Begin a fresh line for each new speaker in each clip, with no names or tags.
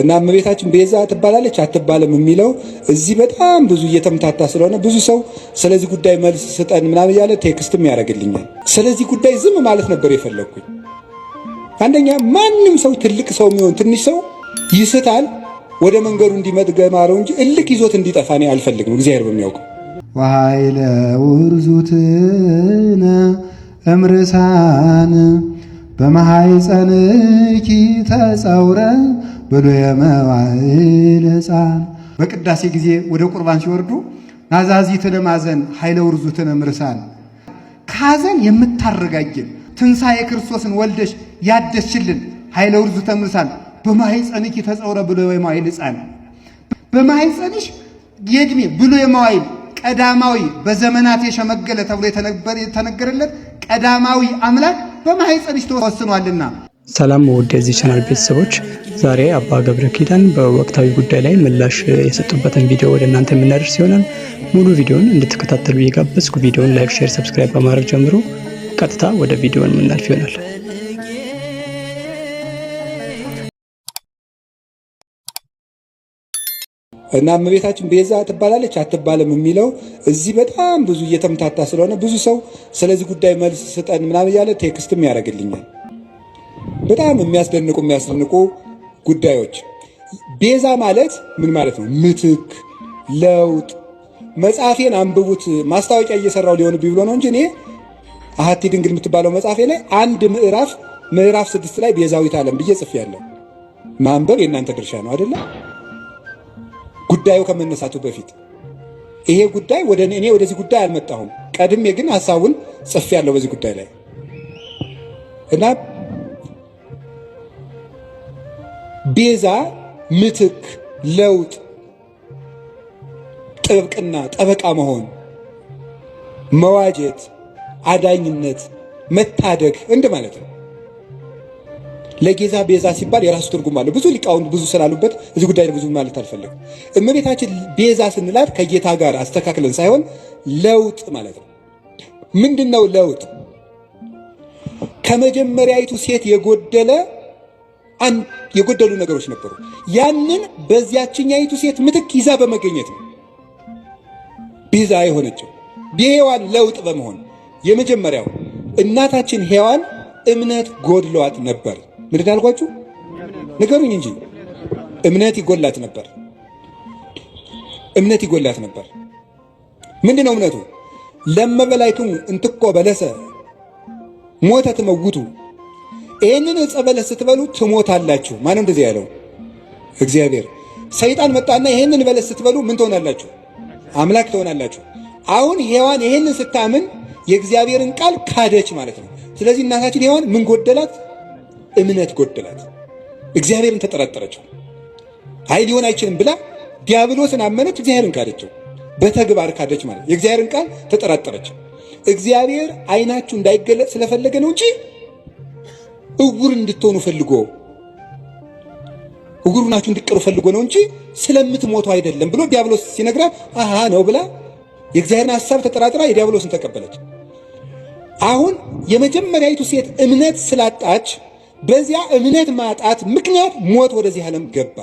እና እመቤታችን ቤዛ ትባላለች አትባልም የሚለው እዚህ በጣም ብዙ እየተምታታ ስለሆነ ብዙ ሰው ስለዚህ ጉዳይ መልስ ስጠን ምናምን እያለ ቴክስትም ያደርግልኛል። ስለዚህ ጉዳይ ዝም ማለት ነበር የፈለግኩኝ። አንደኛ ማንም ሰው ትልቅ ሰው የሚሆን ትንሽ ሰው ይስታል፣ ወደ መንገዱ እንዲመጥ ገማረው እንጂ እልክ ይዞት እንዲጠፋ እኔ አልፈልግም። እግዚአብሔር በሚያውቀው
ወኃይለ ውርዙትነ እምርሳን በመሃይፀንኪ ተጸውረን በሎ የመዋዕል ሕፃን
በቅዳሴ ጊዜ ወደ ቁርባን ሲወርዱ ናዛዚትነ ማዘን ኃይለ ውርዙትነ ምርሳን ከሐዘን የምታረጋጅን ትንሣኤ ክርስቶስን ወልደሽ ያደስችልን ኃይለ ውርዙተ ምርሳን በማሕፀንኪ ተጸውረ ብሎ የመዋዕል ሕፃን በማሕፀንሽ የዕድሜ ብሎ የመዋዕል ቀዳማዊ በዘመናት የሸመገለ ተብሎ የተነገረለት ቀዳማዊ አምላክ በማሕፀንሽ ተወስኗልና
ሰላም ውድ የዚህ ቻናል ቤተሰቦች፣ ዛሬ አባ ገብረ ኪዳን በወቅታዊ ጉዳይ ላይ ምላሽ የሰጡበትን ቪዲዮ ወደ እናንተ የምናደርስ ይሆናል። ሙሉ ቪዲዮን እንድትከታተሉ እየጋበዝኩ ቪዲዮን ላይክ፣ ሼር፣ ሰብስክራይብ በማድረግ ጀምሮ ቀጥታ ወደ ቪዲዮን የምናልፍ ይሆናል።
እና እመቤታችን ቤዛ ትባላለች አትባልም የሚለው እዚህ በጣም ብዙ እየተምታታ ስለሆነ ብዙ ሰው ስለዚህ ጉዳይ መልስ ስጠን ምናምን እያለ ቴክስትም ያደርግልኛል በጣም የሚያስደንቁ የሚያስደንቁ ጉዳዮች። ቤዛ ማለት ምን ማለት ነው? ምትክ፣ ለውጥ። መጽሐፌን አንብቡት። ማስታወቂያ እየሰራው ሊሆንብኝ ብሎ ነው እንጂ እኔ አሐቲ ድንግል የምትባለው መጽሐፌ ላይ አንድ ምዕራፍ ምዕራፍ ስድስት ላይ ቤዛዊት ዓለም ብዬ ጽፌያለሁ። ማንበብ የእናንተ ድርሻ ነው አይደለም? ጉዳዩ ከመነሳቱ በፊት ይሄ ጉዳይ ወደ እኔ ወደዚህ ጉዳይ አልመጣሁም። ቀድሜ ግን ሀሳቡን ጽፌያለሁ በዚህ ጉዳይ ላይ እና ቤዛ ምትክ፣ ለውጥ፣ ጥብቅና፣ ጠበቃ መሆን፣ መዋጀት፣ አዳኝነት፣ መታደግ እንደ ማለት ነው። ለጌዛ ቤዛ ሲባል የራሱ ትርጉም አለው። ብዙ ሊቃውንት ብዙ ስላሉበት እዚህ ጉዳይ ብዙ ማለት አልፈለግም። እመቤታችን ቤዛ ስንላት ከጌታ ጋር አስተካክለን ሳይሆን ለውጥ ማለት ነው። ምንድን ነው ለውጥ? ከመጀመሪያይቱ ሴት የጎደለ የጎደሉ ነገሮች ነበሩ። ያንን በዚያችኛይቱ ሴት ምትክ ይዛ በመገኘት ነው ቤዛ የሆነችው የሔዋን ለውጥ በመሆን የመጀመሪያው እናታችን ሔዋን እምነት ጎድሏት ነበር። ምንድን አልኳችሁ? ነገሩኝ እንጂ እምነት ይጎላት ነበር። እምነት ይጎላት ነበር። ምንድን ነው እምነቱ? ለመበላይክሙ እንትኮ በለሰ ሞተ ትመውቱ ይህንን ዕፀ በለስ ስትበሉ ትሞታላችሁ። ማን እንደዚህ ያለው? እግዚአብሔር። ሰይጣን መጣና ይህንን በለስ ስትበሉ ምን ትሆናላችሁ? አምላክ ትሆናላችሁ። አሁን ሔዋን ይህንን ስታምን የእግዚአብሔርን ቃል ካደች ማለት ነው። ስለዚህ እናታችን ሔዋን ምን ጎደላት? እምነት ጎደላት። እግዚአብሔርን ተጠራጠረችው። አይ ሊሆን አይችልም ብላ ዲያብሎስን አመነች፣ እግዚአብሔርን ካደችው። በተግባር ካደች ማለት የእግዚአብሔርን ቃል ተጠራጠረችው። እግዚአብሔር አይናችሁ እንዳይገለጽ ስለፈለገ ነው እንጂ እውር እንድትሆኑ ፈልጎ እውር ሆናችሁ እንድትቀሩ ፈልጎ ነው እንጂ ስለምትሞቱ አይደለም ብሎ ዲያብሎስ ሲነግራ አሃ ነው ብላ የእግዚአብሔርን ሐሳብ ተጠራጥራ የዲያብሎስን ተቀበለች። አሁን የመጀመሪያይቱ ሴት እምነት ስላጣች በዚያ እምነት ማጣት ምክንያት ሞት ወደዚህ ዓለም ገባ።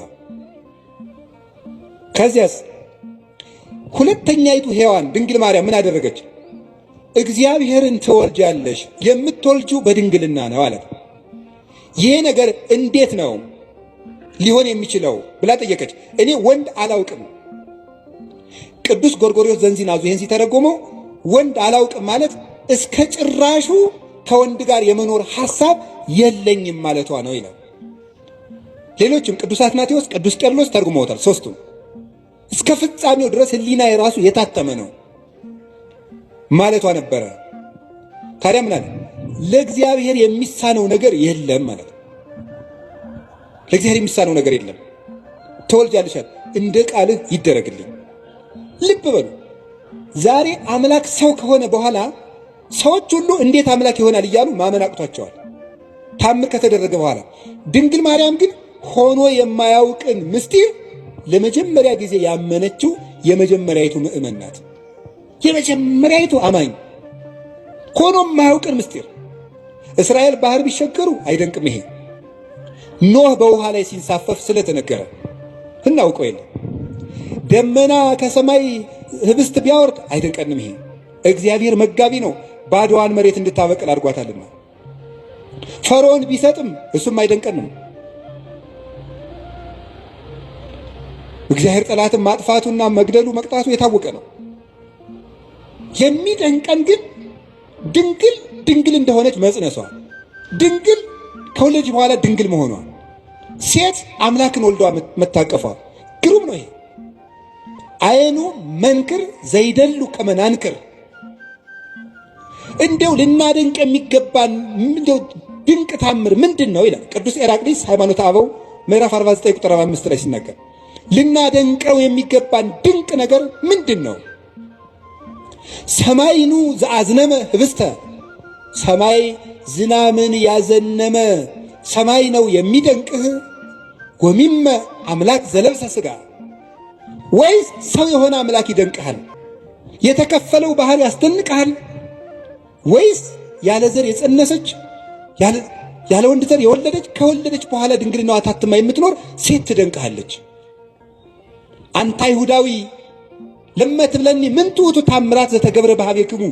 ከዚያስ ሁለተኛይቱ ሔዋን ድንግል ማርያም ምን አደረገች? እግዚአብሔርን ትወልጃለሽ፣ የምትወልጁ በድንግልና ነው አለት። ይሄ ነገር እንዴት ነው ሊሆን የሚችለው ብላ ጠየቀች። እኔ ወንድ አላውቅም። ቅዱስ ጎርጎሪዎስ ዘንዚናዙ ይህን ሲተረጎመው ወንድ አላውቅም ማለት እስከ ጭራሹ ከወንድ ጋር የመኖር ሐሳብ የለኝም ማለቷ ነው ይላል። ሌሎችም ቅዱስ አትናቴዎስ፣ ቅዱስ ቄርሎስ ተርጉመውታል። ሶስቱም እስከ ፍጻሜው ድረስ ህሊና የራሱ የታተመ ነው ማለቷ ነበረ። ታዲያ ምን ለእግዚአብሔር የሚሳነው ነገር የለም ማለት ነው። ለእግዚአብሔር የሚሳነው ነገር የለም። ተወልጃለሻል፣ እንደ ቃልህ ይደረግልኝ። ልብ በሉ። ዛሬ አምላክ ሰው ከሆነ በኋላ ሰዎች ሁሉ እንዴት አምላክ ይሆናል እያሉ ማመን አቅቷቸዋል። ታምር ከተደረገ በኋላ ድንግል ማርያም ግን ሆኖ የማያውቅን ምስጢር ለመጀመሪያ ጊዜ ያመነችው የመጀመሪያይቱ ምእመን ናት። የመጀመሪያይቱ አማኝ ሆኖ የማያውቅን ምስጢር እስራኤል ባህር ቢሸገሩ አይደንቅም። ይሄ ኖህ በውሃ ላይ ሲንሳፈፍ ስለተነገረ እናውቀው የለም። ደመና ከሰማይ ህብስት ቢያወርድ አይደንቀንም። ይሄ እግዚአብሔር መጋቢ ነው፣ ባድዋን መሬት እንድታበቅል አድርጓታልና። ፈርዖን ቢሰጥም እሱም አይደንቀንም። እግዚአብሔር ጠላትን ማጥፋቱና መግደሉ መቅጣቱ የታወቀ ነው። የሚደንቀን ግን ድንግል ድንግል እንደሆነች መጽነሷ፣ ድንግል ከወለደች በኋላ ድንግል መሆኗ፣ ሴት አምላክን ወልዷ መታቀፏ ግሩም ነው። ይሄ አይኑ መንክር ዘይደሉ ከመናንክር እንደው ልናደንቅ የሚገባን እንደው ድንቅ ታምር ምንድን ነው ይላል ቅዱስ ኤራቅሊስ ሃይማኖተ አበው ምዕራፍ 49 ቁጥር 5 ላይ ሲናገር ልናደንቀው የሚገባን ድንቅ ነገር ምንድን ነው? ሰማይኑ ዘአዝነመ ህብስተ ሰማይ ዝናምን ያዘነመ ሰማይ ነው የሚደንቅህ። ጎሚመ አምላክ ዘለብሰ ስጋ ወይስ ሰው የሆነ አምላክ ይደንቅሃል? የተከፈለው ባህር ያስደንቅሃል? ወይስ ያለ ዘር የጸነሰች ያለ ወንድ ዘር የወለደች ከወለደች በኋላ ድንግልናዋ ታትማ የምትኖር ሴት ትደንቅሃለች? አንተ አይሁዳዊ ለመትብለኒ ምን ትዑቱ ታምራት ዘተገብረ በኀቤክሙ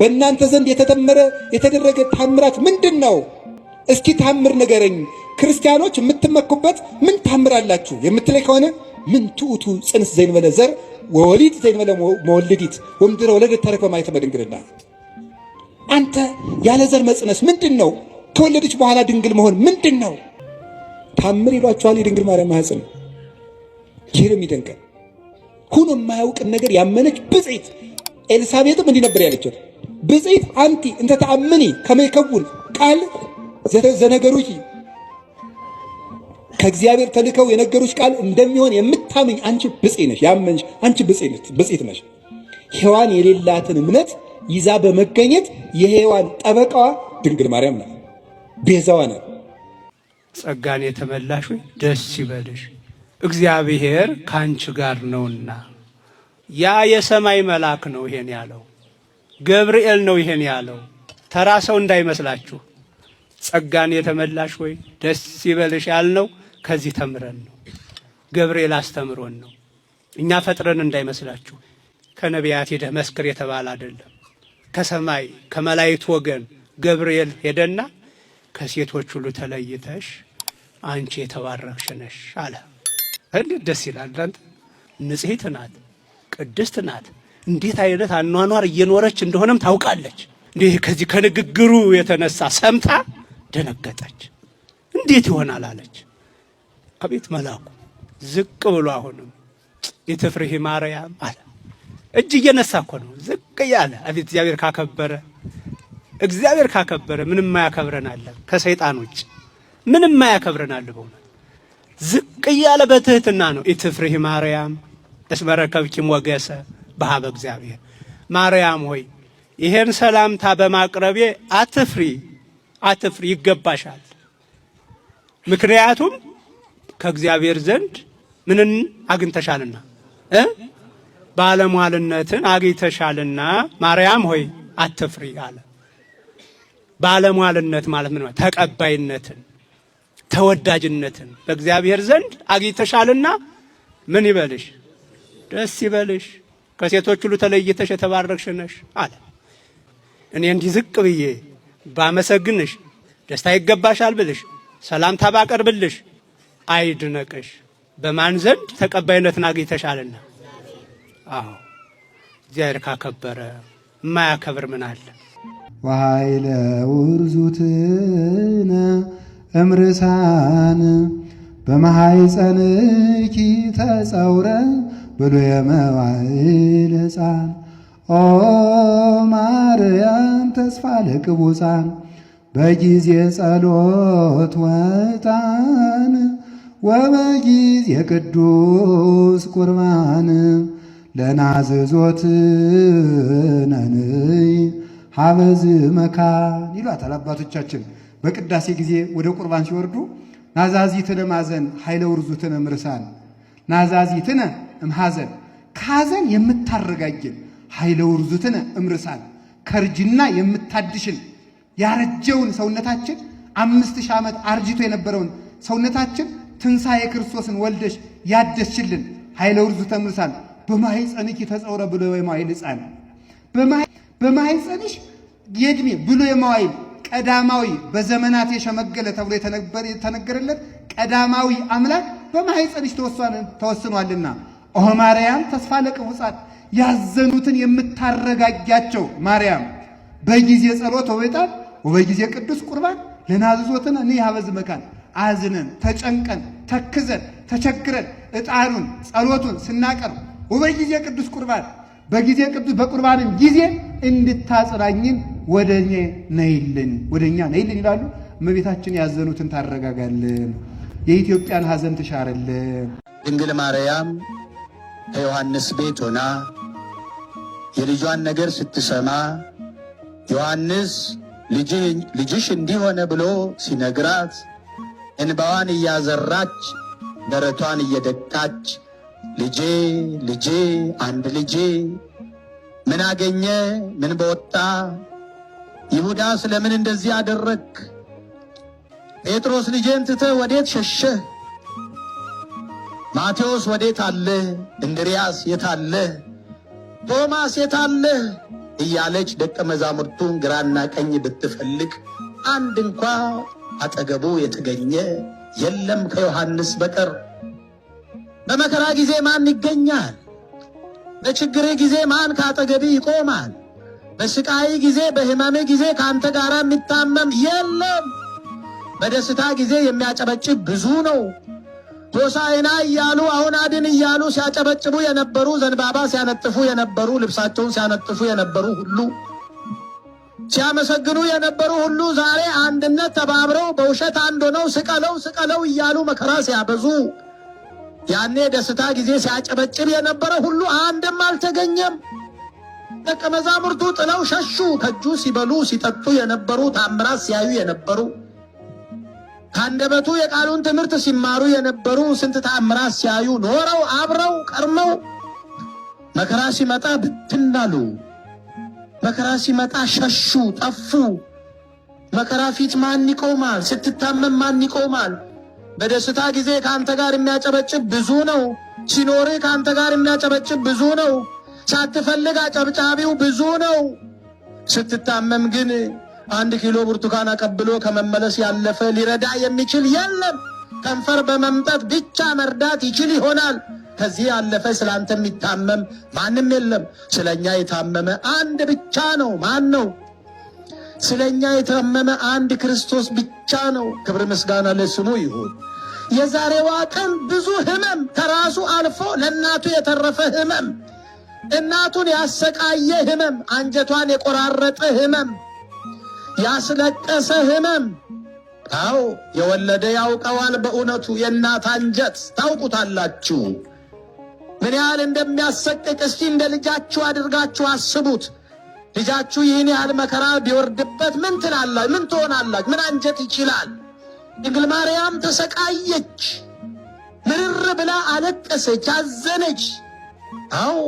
በእናንተ ዘንድ የተተመረ የተደረገ ታምራት ምንድን ነው? እስኪ ታምር ንገረኝ። ክርስቲያኖች የምትመኩበት ምን ታምራላችሁ አላችሁ የምትለኝ ከሆነ ምን ትዑቱ ጽንስ ዘይንበለ ዘር ወወሊድ ዘይንበለ መወልዲት ወምድረ ወለደት ተረክበ ማኅተመ ድንግልና። አንተ ያለ ዘር መጽነስ ምንድን ነው? ከወለደች በኋላ ድንግል መሆን ምንድን ነው? ታምር ይሏችኋል የድንግል ማርያም ማኅፀን። ይህንም ይደንቀን። ሁኖ የማያውቅን ነገር ያመነች ብፅዕት ኤልሳቤጥም እንዲህ ነበር ያለችው፣ ብፅዕት አንቲ እንተ ተአምኒ ከመ ይከውን ቃል ዘነገሩኪ ከእግዚአብሔር ተልከው የነገሩች ቃል እንደሚሆን የምታምኝ አንቺ ብፅዕት ነሽ። ያመንሽ አንቺ ብፅዕት ነሽ። ሔዋን የሌላትን እምነት ይዛ በመገኘት የሔዋን ጠበቃዋ ድንግል ማርያም ናት፣ ቤዛዋ ናት።
ጸጋን የተመላሽ ደስ ይበልሽ። እግዚአብሔር ካንቺ ጋር ነውና። ያ የሰማይ መልአክ ነው ይሄን ያለው፣ ገብርኤል ነው ይሄን ያለው። ተራ ሰው እንዳይመስላችሁ። ጸጋን የተመላሽ ወይ ደስ ይበልሽ ያልነው ከዚህ ተምረን ነው። ገብርኤል አስተምሮን ነው። እኛ ፈጥረን እንዳይመስላችሁ። ከነቢያት ሄደህ መስክር የተባለ አይደለም። ከሰማይ ከመላእክት ወገን ገብርኤል ሄደና ከሴቶች ሁሉ ተለይተሽ አንቺ የተባረክሽ ነሽ አለ። እንዴት ደስ ይላል! እናንተ ንጽሕት ናት፣ ቅድስት ናት። እንዴት አይነት አኗኗር እየኖረች እንደሆነም ታውቃለች። እንዲህ ከዚህ ከንግግሩ የተነሳ ሰምታ ደነገጠች። እንዴት ይሆናል አለች። አቤት መልአኩ ዝቅ ብሎ አሁንም ኢትፍርሂ ማርያም አለ። እጅ እየነሳ እኮ ነው ዝቅ እያለ። አቤት እግዚአብሔር ካከበረ እግዚአብሔር ካከበረ ምንም ማያከብረን አለ ከሰይጣን ውጭ ምንም ማያከብረን አለ በእውነት ዝቅ እያለ በትህትና ነው። ኢትፍርህ ማርያም እስመረከብኪም ወገሰ በሀበ እግዚአብሔር። ማርያም ሆይ ይሄን ሰላምታ በማቅረቤ አትፍሪ፣ አትፍሪ ይገባሻል። ምክንያቱም ከእግዚአብሔር ዘንድ ምንን አግኝተሻልና እ ባለሟልነትን አግኝተሻልና ማርያም ሆይ አትፍሪ አለ። ባለሟልነት ማለት ምን ተቀባይነትን ተወዳጅነትን በእግዚአብሔር ዘንድ አግኝተሻልና ምን ይበልሽ ደስ ይበልሽ፣ ከሴቶች ሁሉ ተለይተሽ የተባረክሽ ነሽ አለ። እኔ እንዲህ ዝቅ ብዬ ባመሰግንሽ፣ ደስታ ይገባሻል ብልሽ፣ ሰላምታ ባቀርብልሽ አይድነቅሽ፣ በማን ዘንድ ተቀባይነትን አግኝተሻልና። አዎ እግዚአብሔር ካከበረ የማያከብር ምን አለ?
ወኃይለ ውርዙትነ እምርሳን በማሐይፀንኪ ተጸውረ ብሉየ መዋዕል ሕፃን ኦ ማርያም ተስፋ ለቅቡፃን በጊዜ ጸሎት ወጣን ወበጊዜ ቅዱስ ቁርባን ለናዝዞትነንይ ሀበዝ መካን
ይሏታል አባቶቻችን። በቅዳሴ ጊዜ ወደ ቁርባን ሲወርዱ ናዛዚትነ ማዘን ኃይለ ውርዙትነ ምርሳን ናዛዚትነ እምሐዘን ከሐዘን የምታረጋጅን ኃይለ ውርዙትነ እምርሳን ከእርጅና የምታድሽን ያረጀውን ሰውነታችን አምስት ሺህ ዓመት አርጅቶ የነበረውን ሰውነታችን ትንሣኤ ክርስቶስን ወልደሽ ያደስችልን ኃይለ ውርዙተ እምርሳን በማኅፀንኪ ተጸውረ ብሎ የማዋይል ሕፃን በማኅፀንሽ የዕድሜ ብሎ የማዋይል ቀዳማዊ በዘመናት የሸመገለ ተብሎ የተነገረለት ቀዳማዊ አምላክ በማኅፀንሽ ተወስኗልና ኦ ማርያም ተስፋ ለቅቡጻት ያዘኑትን የምታረጋጊያቸው ማርያም በጊዜ ጸሎት ወበጣት ወበጊዜ ቅዱስ ቁርባን ለናዝዞትን እኔ ያበዝ መካን አዝነን ተጨንቀን ተክዘን ተቸግረን ዕጣኑን ጸሎቱን ስናቀርብ ወበጊዜ ቅዱስ ቁርባን በጊዜ ቅዱስ በቁርባንም ጊዜ እንድታጽናኝን ወደ እኔ ነይልን ወደ እኛ ነይልን ይላሉ። እመቤታችን ያዘኑትን ታረጋጋልን፣ የኢትዮጵያን ሐዘን ትሻርልን።
ድንግል ማርያም ከዮሐንስ ቤት ሆና የልጇን ነገር ስትሰማ ዮሐንስ ልጅሽ እንዲሆነ ብሎ ሲነግራት እንባዋን እያዘራች ደረቷን እየደቃች ልጄ ልጄ አንድ ልጄ ምን አገኘ? ምን በወጣ? ይሁዳ ስለምን እንደዚህ አደረግ? ጴጥሮስ ልጄን ትተህ ወዴት ሸሸህ? ማቴዎስ ወዴት አለህ? እንድርያስ የታለህ? ቶማስ የታለህ? እያለች ደቀ መዛሙርቱን ግራና ቀኝ ብትፈልግ አንድ እንኳ አጠገቡ የተገኘ የለም ከዮሐንስ በቀር። በመከራ ጊዜ ማን ይገኛል? በችግር ጊዜ ማን ካጠገቤ ይቆማል? በስቃይ ጊዜ በሕማሜ ጊዜ ከአንተ ጋር የሚታመም የለም። በደስታ ጊዜ የሚያጨበጭብ ብዙ ነው። ሆሳዕና እያሉ አሁን አድን እያሉ ሲያጨበጭቡ የነበሩ ዘንባባ ሲያነጥፉ የነበሩ ልብሳቸውን ሲያነጥፉ የነበሩ ሁሉ ሲያመሰግኑ የነበሩ ሁሉ ዛሬ አንድነት ተባብረው በውሸት አንድ ሆነው ስቀለው ስቀለው እያሉ መከራ ሲያበዙ ያኔ ደስታ ጊዜ ሲያጨበጭብ የነበረ ሁሉ አንድም አልተገኘም። ደቀ መዛሙርቱ ጥለው ሸሹ። ከእጁ ሲበሉ ሲጠጡ የነበሩ ታምራት ሲያዩ የነበሩ ከአንደበቱ የቃሉን ትምህርት ሲማሩ የነበሩ ስንት ታምራት ሲያዩ ኖረው አብረው ቀርመው መከራ ሲመጣ ብትናሉ መከራ ሲመጣ ሸሹ፣ ጠፉ። መከራ ፊት ማን ይቆማል? ስትታመም ማን ይቆማል? በደስታ ጊዜ ከአንተ ጋር የሚያጨበጭብ ብዙ ነው። ሲኖርህ ከአንተ ጋር የሚያጨበጭብ ብዙ ነው። ሳትፈልግ አጨብጫቢው ብዙ ነው። ስትታመም ግን አንድ ኪሎ ብርቱካን አቀብሎ ከመመለስ ያለፈ ሊረዳ የሚችል የለም። ከንፈር በመምጠት ብቻ መርዳት ይችል ይሆናል። ከዚህ ያለፈ ስለ አንተ የሚታመም ማንም የለም። ስለ እኛ የታመመ አንድ ብቻ ነው። ማን ነው? ስለ እኛ የታመመ አንድ ክርስቶስ ብቻ ነው። ክብር ምስጋና ለስሙ ይሁን። የዛሬዋ ቀን ብዙ ህመም ከራሱ አልፎ ለእናቱ የተረፈ ህመም፣ እናቱን ያሰቃየ ህመም፣ አንጀቷን የቆራረጠ ህመም፣ ያስለቀሰ ህመም። አዎ የወለደ ያውቀዋል። በእውነቱ የእናት አንጀት ታውቁታላችሁ ምን ያህል እንደሚያሰቅቅ። እስቲ እንደ ልጃችሁ አድርጋችሁ አስቡት። ልጃችሁ ይህን ያህል መከራ ቢወርድበት ምን ትላላችሁ? ምን ትሆናላችሁ? ምን አንጀት ይችላል? ድንግል ማርያም ተሰቃየች፣ ምርር ብላ አለቀሰች፣ አዘነች። አዎ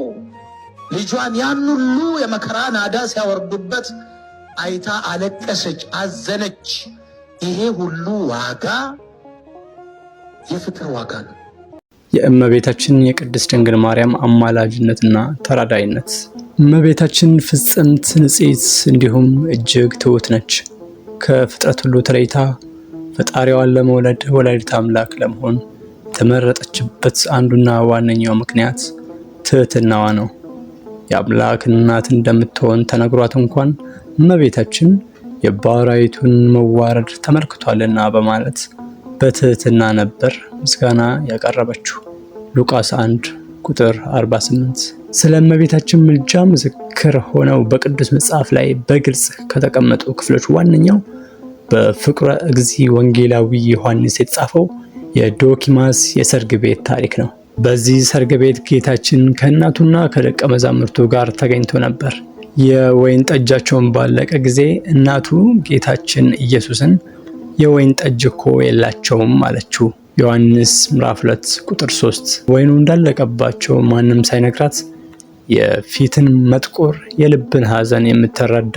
ልጇን ያን ሁሉ የመከራ ናዳ ሲያወርዱበት አይታ አለቀሰች፣ አዘነች። ይሄ ሁሉ ዋጋ የፍቅር ዋጋ ነው።
የእመቤታችን የቅድስት ድንግል ማርያም አማላጅነትና ተራዳይነት። እመቤታችን ፍጽምት ንጽሕት እንዲሁም እጅግ ትሑት ነች። ከፍጥረት ሁሉ ተለይታ ፈጣሪዋን ለመውለድ ወላዲተ አምላክ ለመሆን የተመረጠችበት አንዱና ዋነኛው ምክንያት ትህትናዋ ነው። የአምላክ እናት እንደምትሆን ተነግሯት እንኳን እመቤታችን የባህራዊቱን መዋረድ ተመልክቷልና በማለት በትህትና ነበር ምስጋና ያቀረበችው። ሉቃስ 1 ቁጥር 48 ስለ እመቤታችን ምልጃ ምስክር ሆነው በቅዱስ መጽሐፍ ላይ በግልጽ ከተቀመጡ ክፍሎች ዋነኛው በፍቁረ እግዚእ ወንጌላዊ ዮሐንስ የተጻፈው የዶኪማስ የሰርግ ቤት ታሪክ ነው። በዚህ ሰርግ ቤት ጌታችን ከእናቱና ከደቀ መዛሙርቱ ጋር ተገኝቶ ነበር። የወይን ጠጃቸውን ባለቀ ጊዜ እናቱ ጌታችን ኢየሱስን የወይን ጠጅ እኮ የላቸውም አለችው። ዮሐንስ ምዕራፍ 2 ቁጥር 3 ወይኑ እንዳለቀባቸው ማንም ሳይነግራት የፊትን መጥቆር የልብን ሐዘን የምትረዳ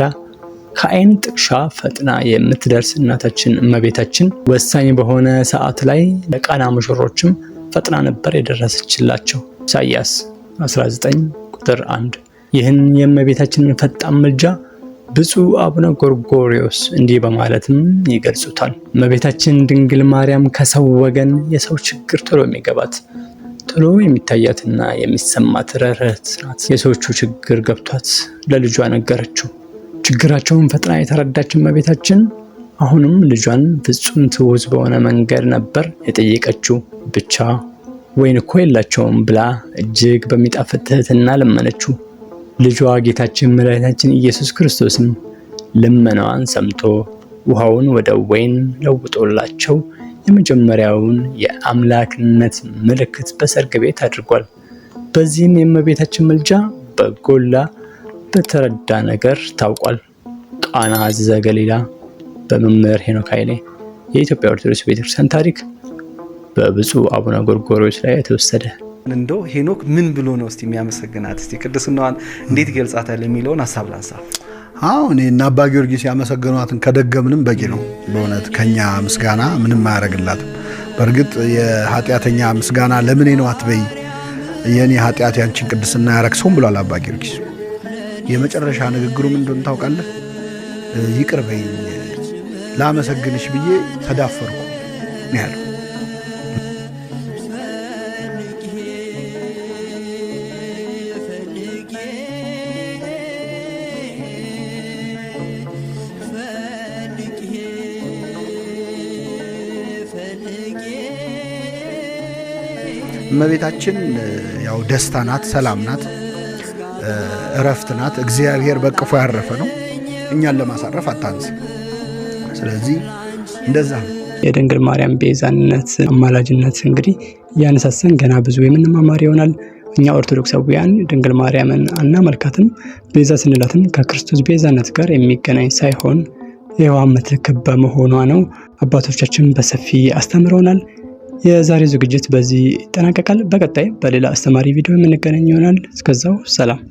ከአይን ጥቅሻ ፈጥና የምትደርስ እናታችን እመቤታችን ወሳኝ በሆነ ሰዓት ላይ ለቃና ሙሽሮችም ፈጥና ነበር የደረሰችላቸው። ኢሳያስ 19 ቁጥር 1። ይህን የእመቤታችንን ፈጣን ምልጃ ብፁዕ አቡነ ጎርጎሪዎስ እንዲህ በማለትም ይገልጹታል። እመቤታችን ድንግል ማርያም ከሰው ወገን የሰው ችግር ቶሎ የሚገባት ቶሎ የሚታያትና የሚሰማት ርኅርኅት ናት። የሰዎቹ ችግር ገብቷት ለልጇ ነገረችው። ችግራቸውን ፈጥና የተረዳች እመቤታችን አሁንም ልጇን ፍጹም ትውዝ በሆነ መንገድ ነበር የጠየቀችው። ብቻ ወይን እኮ የላቸውም ብላ እጅግ በሚጣፍጥ ትህትና ለመነችው። ልጇ ጌታችን መድኃኒታችን ኢየሱስ ክርስቶስም ልመናዋን ሰምቶ ውሃውን ወደ ወይን ለውጦላቸው የመጀመሪያውን የአምላክነት ምልክት በሰርግ ቤት አድርጓል። በዚህም የእመቤታችን ምልጃ በጎላ በተረዳ ነገር ታውቋል። ቃና ዘገሊላ በመምህር ሄኖክ ኃይሌ የኢትዮጵያ ኦርቶዶክስ ቤተክርስቲያን ታሪክ በብፁዕ አቡነ ጎርጎሪዎስ ላይ የተወሰደ
እንዶ ሄኖክ ምን ብሎ ነው እስቲ የሚያመሰግናት እስቲ ቅድስናዋን እንዴት ይገልጻታል የሚለውን ሀሳብ ላንሳ።
አዎ እኔ እና አባ ጊዮርጊስ ያመሰገኗትን ከደገምንም በቂ ነው። በእውነት ከኛ ምስጋና ምንም አያደርግላትም። በእርግጥ የኃጢአተኛ ምስጋና ለምኔ ነው አትበይ፣ የእኔ ኃጢአት ያንቺን ቅድስና ያረክሰውም ብሏል አባ ጊዮርጊስ። የመጨረሻ ንግግሩ ምን እንደሆነ ታውቃለህ? ይቅር በይኝ ላመሰግንሽ ብዬ ተዳፈርኩ ያለው። እመቤታችን ያው ደስታ ናት፣ ሰላም ናት። እረፍት ናት። እግዚአብሔር በቅፎ ያረፈ ነው። እኛን ለማሳረፍ አታንስ። ስለዚህ እንደዛ ነው።
የድንግል ማርያም ቤዛነት፣ አማላጅነት እንግዲህ እያነሳሰን ገና ብዙ የምንማማር ይሆናል። እኛ ኦርቶዶክሳዊያን ድንግል ማርያምን አናመልካትም። ቤዛ ስንላትም ከክርስቶስ ቤዛነት ጋር የሚገናኝ ሳይሆን የሕያዋን ምትክ በመሆኗ ነው። አባቶቻችን በሰፊ አስተምረውናል። የዛሬ ዝግጅት በዚህ ይጠናቀቃል። በቀጣይ በሌላ አስተማሪ ቪዲዮ የምንገናኝ ይሆናል። እስከዛው ሰላም።